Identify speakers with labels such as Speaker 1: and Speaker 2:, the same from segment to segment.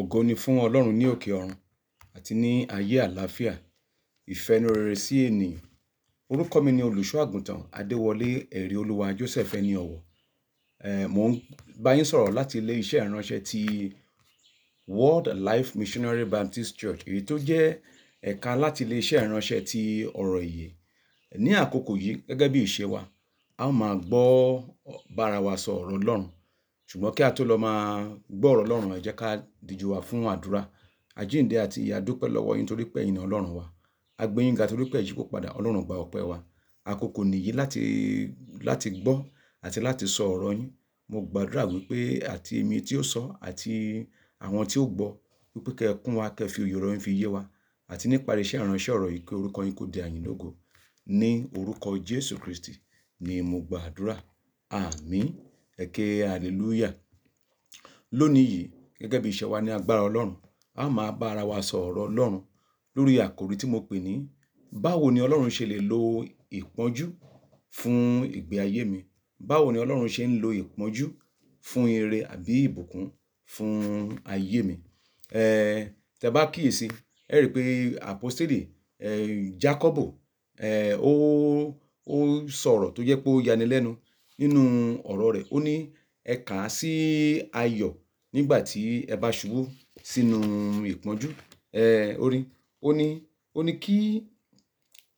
Speaker 1: ògo ni fún ọlọ́run ní òkè ọ̀run àti ní ayé àlàáfíà ìfẹ́nurere sí ènìyàn orúkọ mi ni olùṣọ́ àgùntàn adéwọlé ẹ̀rí olúwa joseph ẹni ọ̀wọ̀ mò ń bá sọ̀rọ̀ láti ilé iṣẹ́ ìránṣẹ́ ti world life missionary baptist church èyí tó jẹ́ ẹ̀ka láti ilé iṣẹ́ ìránṣẹ́ ti ọ̀rọ̀ ìyè ní àkókò yìí gẹ́gẹ́ bí ìṣe wa a ó máa gbọ́ bára wa sọ ọ̀rọ̀ ọlọ́run Ṣùgbọ́n kí a tó lọ máa gbọ́ ọ̀rọ̀ Ọlọ́run, ẹ jẹ́ ká dijú wa fún àdúrà. Àjíǹde àti ìyè a dúpẹ́ lọ́wọ́ yín torí pé ẹ̀yin ni Ọlọ́run wa. A gbé yín ga torí pé ẹ yípo padà, Ọlọ́run gba ọpẹ́ wa. Àkókò nìyí láti, láti gbọ́ àti láti sọ ọ̀rọ̀ yín. Mo gbàdúrà wípé àti èmi tí ó sọ àti àwọn tí ó gbọ́ wípé kí ẹ kún wa, kí ẹ fi òye ọ̀rọ̀ yín fi yé wa àti nípa iṣẹ́ ìránṣẹ́ ọ̀rọ̀ yìí kí orúkọ yín kó di àyìn lógo. Ní orúkọ Jésù Kristi ni mo gba Àmín ẹ̀kẹ́ hallelujah. Lónìí yìí gẹ́gẹ́ bí iṣẹ́ wa ní agbára Ọlọ́run, a máa bá ara wa sọ ọ̀rọ̀ Ọlọ́run lórí àkòrí tí mo pè ní báwo ni Ọlọ́run ṣe lè lo ìpọ́njú fún ìgbé ayé mi? Báwo ni Ọlọ́run ṣe ń lo ìpọ́njú fún ire àbí ìbùkún fún ayé mi? Ẹ̀, tẹ bá kíyèsi, ẹ rí i pé Àpọ́stélì, ẹ̀, ẹ̀, ó, ó sọ̀rọ̀ tó jẹ́ pé ó yanilẹ́nu nínú ọ̀rọ̀ rẹ̀. Ó ní "Ẹ kà á sí ayọ̀ nígbà tí ẹ bá ṣubú sínú ìpọ́njú." Ẹ̀, orin. Ó ní, ó ní kí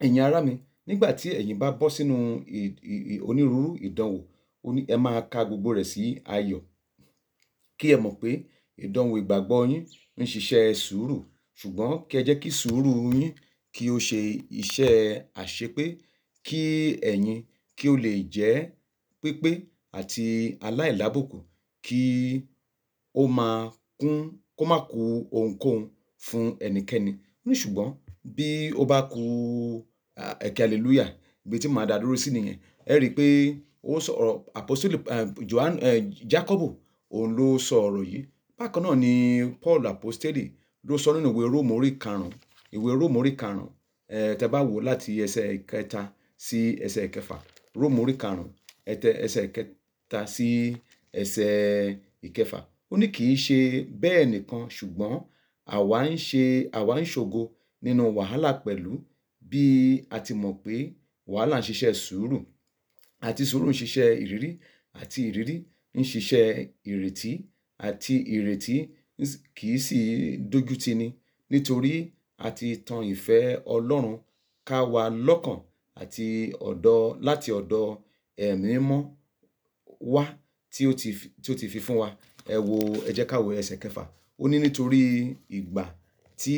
Speaker 1: ẹ̀yin ará mi nígbà tí ẹ̀yin bá bọ́ sínú onírúurú ìdánwò, ó ní ẹ máa ka gbogbo rẹ̀ sí ayọ̀. Kí ẹ mọ̀ pé ìdánwò ìgbàgbọ́ yín ń ṣiṣẹ́ sùúrù. Ṣùgbọ́n kí ẹ jẹ́ kí sùúrù yín kí ó ṣe iṣẹ́ àṣepé kí ẹ̀yin kí ó lè jẹ́ pípé àti aláìlábùkù kí ó máa kún kó má ku ohunkóhun fún ẹnikẹ́ni ó ní ṣùgbọ́n bí ó bá ku ẹ̀kẹ hallelujah ibi tí màá dá dúró sí nìyẹn ẹ rí i pé ó sọ̀rọ̀ àpọ́sítélì johan jacobo òun ló sọ ọ̀rọ̀ yìí bákan náà ni paul àpọ́sítélì ló sọ nínú ìwé róòmù orí karùn-ún ìwé róòmù orí karùn-ún ẹ tẹ́ bá wò láti ẹsẹ̀ kẹta sí ẹsẹ̀ kẹfà róòmù orí karùn ẹsẹ̀ kẹta sí ẹsẹ̀ ìkẹfà ó ní kì í ṣe bẹ́ẹ̀ nìkan ṣùgbọ́n àwa ń ṣe àwa ń ṣògo nínú wàhálà pẹ̀lú bí a ti mọ̀ pé wàhálà ń ṣiṣẹ́ sùúrù àti sùúrù ń ṣiṣẹ́ ìrírí àti ìrírí ń ṣiṣẹ́ ìrètí àti ìrètí kì í sì dójútì ni nítorí a ti tan ìfẹ́ Ọlọ́run ká wa lọ́kàn àti ọ̀dọ̀ láti ọ̀dọ̀ ẹ̀mí mímọ́ wá tí ó ti, tí ó ti fi fún wa. Ẹ wo, ẹ jẹ́ ká wo ẹsẹ̀ kẹfà. Ó ní nítorí ìgbà tí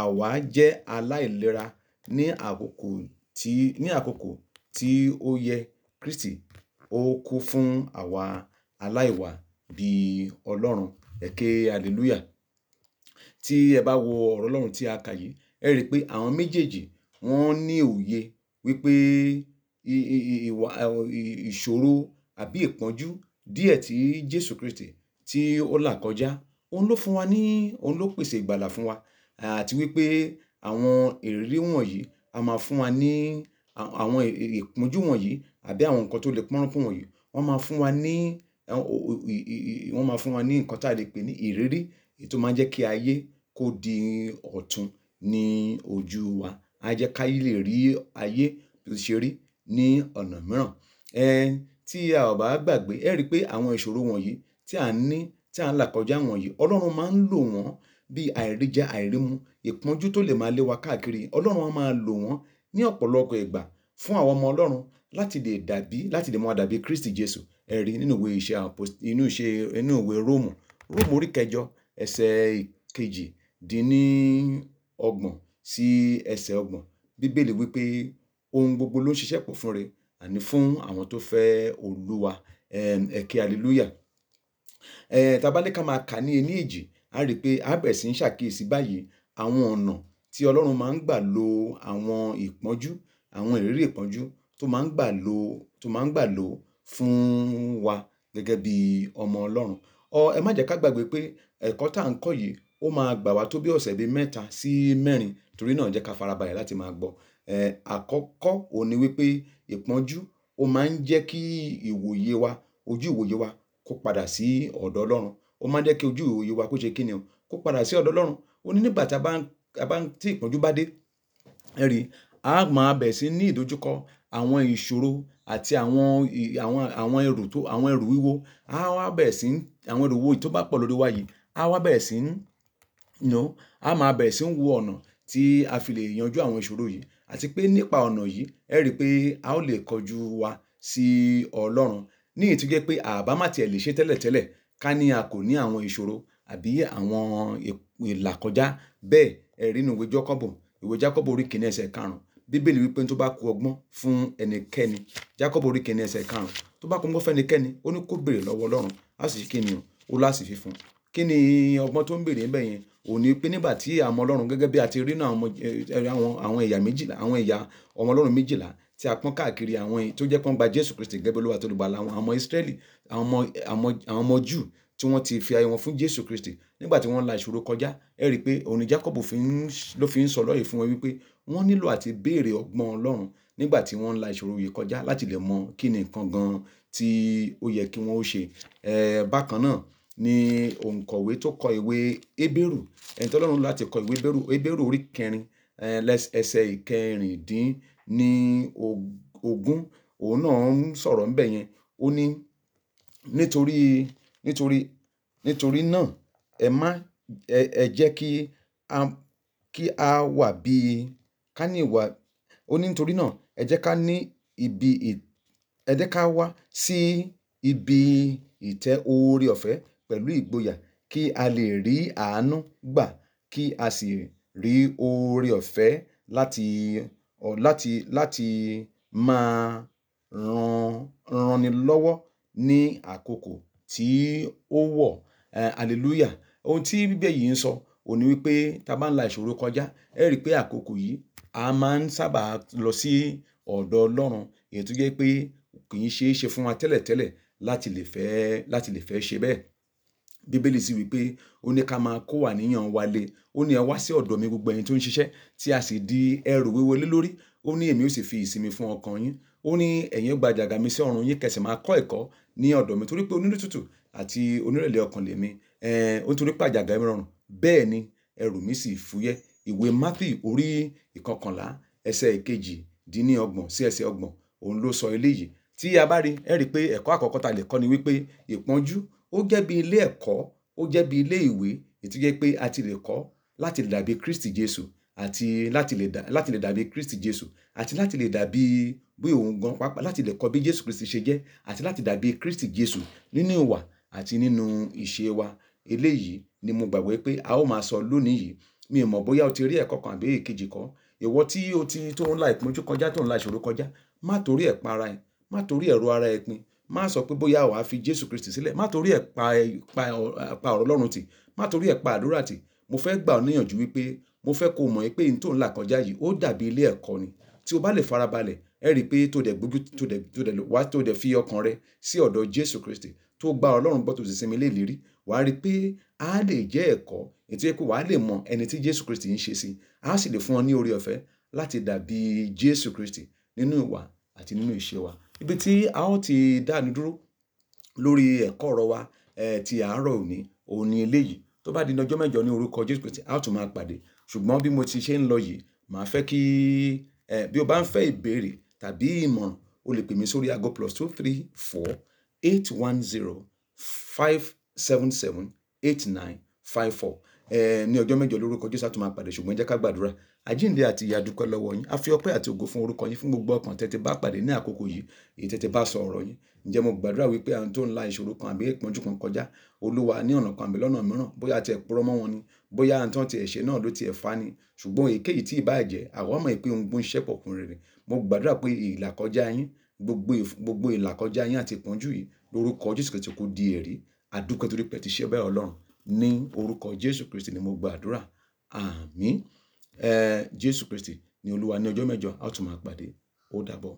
Speaker 1: àwa jẹ́ aláìlera ní àkókò tí, ní àkókò tí ó yẹ Kristi, ó kú fún àwa aláìwà bí Ọlọ́run. Ẹ ké hallelujah. Tí ẹ bá wo ọ̀rọ̀ Ọlọ́run tí a kà yìí, ẹ rí pé àwọn méjèèjì wọ́n ní òye wípé ìwà ìṣòro àbí ìpọ́njú díẹ̀ tí Jésù Kristi tí ó là kọjá òun ló fún wa ní òun ló pèsè ìgbàlà fún wa àti wípé àwọn ìrírí wọ̀nyí a máa fún wa ní àwọn ìpọ́njú wọ̀nyí àbí àwọn nǹkan tó le pọ́nrọ́pọ́n wọ̀nyí wọ́n máa fún wa ní wọ́n máa fún wa ní nǹkan tá a lè pè ní ìrírí èyí máa jẹ́ kí ayé kó di ọ̀tun ní ojú wa á káyé lè rí ayé bí ó ṣe rí ní ọ̀nà mìíràn. Ehn, tí a ò bá gbàgbé, ẹ rí pé àwọn ìṣòro wọ̀nyí tí à ń ní, tí à ń là kọjá wọ̀nyí, Ọlọ́run máa ń lò wọ́n bí àìríjẹ àìrímu, ìpọ́njú tó lè máa lé wa káàkiri. Ọlọ́run a máa lò wọ́n ní ọ̀pọ̀lọpọ̀ ìgbà fún àwa ọmọ Ọlọ́run láti lè dàbí, láti lè mú wa dàbí Kristi Jesu. Ẹ rí nínú ìwé ìṣe àpọ́s-- inú ìṣe, inú ìwé Róòmù, Róòmù orí kẹjọ ẹsẹ̀ kejì dín ní ọgbọ̀n sí ẹsẹ̀ ọgbọ̀n. Bíbélì wípé ohun gbogbo ló ń ṣiṣẹ́ pọ̀ fún rere àní fún àwọn tó fẹ́ olúwa ẹ kí hallelujah a bá ní ká máa kà ní ení èjì a rí i pé a bẹ̀rẹ̀ sí ń ṣàkíyèsí báyìí àwọn ọ̀nà tí ọlọ́run máa ń gbà lo àwọn ìpọ́njú àwọn ìrírí ìpọ́njú tó máa ń gbà lo tó máa ń gbà lo fún wa gẹ́gẹ́ bí ọmọ ọlọ́run ẹ má jẹ́ ká gbàgbé pé ẹ̀kọ́ tá à ń kọ́ yìí ó máa gbà wá tó bí ọ̀sẹ̀ bíi mẹ́ta sí mẹ́rin torí náà jẹ́ ká farabalẹ̀ láti máa gbọ́ àkọ́kọ́ òun ni wípé ìpọ́njú ó máa ń jẹ́ kí ìwòye wa, ojú ìwòye wa kó padà sí ọ̀dọ̀ Ọlọ́run. Ó máa ń jẹ́ kí ojú ìwòye wa kó ṣe kíni o, kó padà sí ọ̀dọ̀ Ọlọ́run. Ó ní nígbà tí a bá ń, a bá ń tí ìpọ́njú bá dé, ẹ rí, a máa bẹ̀rẹ̀ sí ní ìdojúkọ àwọn ìṣòro àti àwọn, àwọn, àwọn ẹrù tó, àwọn ẹrù wíwo. A wá bẹ̀rẹ̀ sí ń, àwọn ẹrù wíwo tó bá pọ̀ lórí wa yìí, a wá bẹ̀rẹ̀ sí ń, you a máa bẹ̀rẹ̀ sí ń wo ọ̀nà tí a fi lè yanjú àwọn ìṣòro yìí àti pé nípa ọ̀nà yìí ẹ rí i pé a ó lè kọjú wa sí Ọlọ́run ní èyí tó jẹ́ pé àbá má tiẹ̀ lè ṣe tẹ́lẹ̀tẹ́lẹ̀ ká ní a kò ní àwọn ìṣòro àbí àwọn ìlàkọjá bẹ́ẹ̀ ẹ rí inú ìwé Jákọ́bù ìwé Jákọ́bù orí kìíní ẹsẹ̀ karùn bíbélì wípé tó bá kù ọgbọ́n fún ẹnikẹ́ni Jákọ́bù orí kìíní ẹsẹ̀ karùn tó bá kù ọgbọ́n fún ẹnikẹ́ni ó ní kó béèrè lọ́wọ́ Ọlọ́run á sì kí ni o ó lásì fífún Kí ni ọgbọ́n tó ń bèrè ńbẹ̀ yẹn? Ó ní pé nígbà tí àwọn ọmọ Ọlọ́run gẹ́gẹ́ bí a ti rí nínú àwọn, eh, àwọn, àwọn ẹ̀yà méjìlá, àwọn ẹ̀yà ọmọ Ọlọ́run méjìlá tí a pọ́n káàkiri àwọn tó jẹ́ pé gba Jésù Kristi gẹ́gẹ́ bí Olúwa àti olùgbàlà wọn. Àwọn ọmọ Israẹli, àwọn ọmọ, àwọn, àwọn ọmọ Júù tí wọ́n ti fi ayé fún Jésù Kristi. Nígbà tí wọ́n la ìṣòro kọjá, ẹ rí i pé òun ní Jakọbu fi ń, ló fi ń sọ ọ̀rọ̀ yìí fún wọn wípé wọ́n nílò àti béèrè ọgbọ́n Ọlọ́run nígbà tí wọ́n la ìṣòro yìí kọjá láti lè mọ kí ni nǹkan gan tí ó yẹ kí wọ́n ó ṣe. Bákan náà ni òǹkọ̀wé tó kọ ìwé Hébérù ẹni tí Ọlọ́run láti kọ ìwé Hébérù Hébérù orí kẹrin eh, ẹsẹ̀ ìkẹrìndín ní ogún òun náà ń sọ̀rọ̀ ńbẹ̀ yẹn ó ní nítorí nítorí nítorí náà ẹ má ẹ jẹ́ kí a kí a wà bíi ká ní ìwà ó ní nítorí náà ẹ jẹ́ ká ní ibi ẹ jẹ́ ká wá sí ibi ìtẹ́ oore ọ̀fẹ́ pẹ̀lú ìgboyà kí a lè rí àánú gbà kí a sì rí oore ọ̀fẹ́ láti láti láti máa ran ranni lọ́wọ́ ní àkókò tí ó wọ̀ um hallelujah. Ohun tí bíbélì yìí ń sọ òhun ni wípé ta bá ń la ìṣòro kọjá ẹ́ rí i pé àkókò yìí a máa ń sábà lọ sí ọ̀dọ̀ Ọlọ́run èyí tó jẹ́ pé kì í ṣe é ṣe fún wa tẹ́lẹ̀tẹ́lẹ̀ láti lè fẹ́ láti lè fẹ́ ṣe bẹ́ẹ̀ bíbélì sì wípé ó ní ká máa kó àníyàn wa lé ó ní ẹ wá sí ọ̀dọ̀ mi gbogbo ẹ̀yin tó ń ṣiṣẹ́ tí a sì di ẹrù wíwo lé lórí ó ní èmi ó sì fi ìsinmi fún ọkàn yín ó ní ẹ̀yin gba jàgà mi sí ọrùn yín kẹsì máa kọ́ ẹ̀kọ́ ní ọ̀dọ̀ mi torí pé onírètútù àti onírẹ̀lẹ̀ ọkàn lèmi eh, ó torí pé àjàgà mi rọrùn bẹ́ẹ̀ ni ẹrù mi sì fúyẹ́ ìwé Matthew orí ìkọkànlá ẹsẹ̀ ìkejì dín ní ọgbọ̀n sí ẹsẹ̀ ọgbọ̀n òun ló sọ eléyìí tí a bá rí ẹ rí i pé ẹ̀kọ́ àkọ́kọ́ ta lè kọ́ ni wípé ìpọ́njú ó jẹ́ bí ilé ẹ̀kọ́ ó jẹ́ bí ilé ìwé ètò jẹ́ pé a ti lè kọ́ láti lè dàbí Kristi Jésù àti láti lè láti lè dàbí Kristi Jésù àti láti lè dàbí bí òun gan pàápàá láti lè kọ́ bí Jésù Kristi ṣe jẹ́ àti láti dàbí Kristi Jésù nínú ìwà àti nínú ìṣe wa eléyìí ni mo gbàgbọ́ pé a ó máa sọ lónìí yìí mi ò mọ̀ bóyá o ti rí ẹ̀kọ́ kan àbí èkejì kọ́ ìwọ tí o ti tó ń la ìpọ́njú kọjá tó ń la ìṣòro kọjá má torí ẹ̀ para ẹ̀ má torí ẹ̀rọ ara ẹ̀ pin má sọ pé bóyá wàá fi jésù kristi sílẹ̀ má torí ẹ̀ pa ọ̀rọ̀ ọlọ́run tì má torí ẹ̀ pa àdúrà tì mo fẹ́ gbà ọ́ níyànjú wípé mo fẹ́ kó mọ̀ pé n tó kọjá yìí ó dàbí ilé ẹ̀kọ́ ni tí o bá lè farabalẹ̀ ẹ rí i pé tó dẹ̀ gbójú tó dẹ̀ tó dẹ̀ wá tó dẹ̀ fi ọkàn rẹ sí ọ̀dọ̀ jésù kristi tó gba ọlọ́run gbọ́ tó sì sinmi léèlérí wàá rí i pé a lè jẹ́ ẹ̀kọ́ ètò yẹ pé wàá lè mọ ẹni tí jésù kristi ń ṣe sí a sì lè fún ọ ní oore ọ̀fẹ́ láti dàbí jésù kristi nínú ìwà àti nínú ìṣe wa. Ibi tí a ó ti dáni dúró lórí ẹ̀kọ́ ọ̀rọ̀ wa, ti àárọ̀ òní, òun ni eléyìí. Tó bá di ọjọ́ mẹ́jọ ní orúkọ Jésù Kristi, a ó tún máa pàdé. Ṣùgbọ́n bí mo ti ṣe ń lọ yìí, màá fẹ́ kí, bí o bá ń fẹ́ ìbéèrè tàbí ìmọ̀ràn, o lè pè mí sórí ago plus two three four eight one zero five seven seven eight nine five four. Eh, ní ọjọ́ mẹ́jọ lórúkọ Jésù a tún máa pàdé ṣùgbọ́n jẹ́ ká gbàdúrà àjíǹde àti ìyà dúpẹ́ lọ́wọ́ yín a fi ọpẹ́ àti ògo fún orúkọ yín fún gbogbo ọkàn tètè bá pàdé ní àkókò yìí èyí tètè bá sọ ọ̀rọ̀ yín ǹjẹ́ mo gbàdúrà wípé àwọn tó ń la ìṣòro kan àbí ìpọ́njú kan kọjá olúwa ní ọ̀nà kan àbí lọ́nà mìíràn bóyá tiẹ̀ purọ́ mọ́ wọn ni bóyá àwọn tó ń tiẹ̀ ṣe náà ló tiẹ̀ fa ni ṣùgbọ́n èkéyìí tí ìbá ẹ̀jẹ̀ àwọn ọmọ ìpín ohun gbóhùn ṣẹ́pọ̀ kún rere mo gbàdúrà pé ìlàkọjá yín gbogbo ìlàkọjá yín àti ìpọ́njú yìí lórúkọ jésù kìí ti kò di èrí àdúpẹ́ torí pé ti ṣe bẹ́ẹ̀ ọlọ́run ni mo gbàdúrà Jésù Kristi ni Olúwa ní ọjọ́ mẹ́jọ a ó tún máa pàdé ó dàbọ̀.